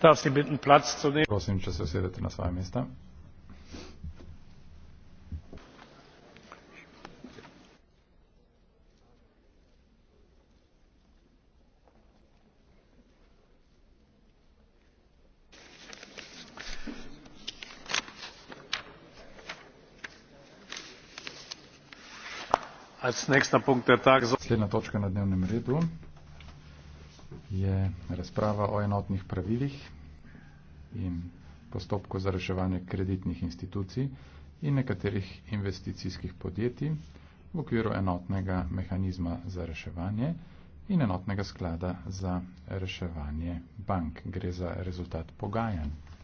prosim če se usedete na svoja mesta naslednja točka na dnevnem redu je prvo poročilo varuha človekovih pravic za leto dva tisoč je razprava o enotnih pravilih in postopku za reševanje kreditnih institucij in nekaterih investicijskih podjetij v okviru enotnega mehanizma za reševanje in enotnega sklada za reševanje bank. Gre za rezultat pogajanj.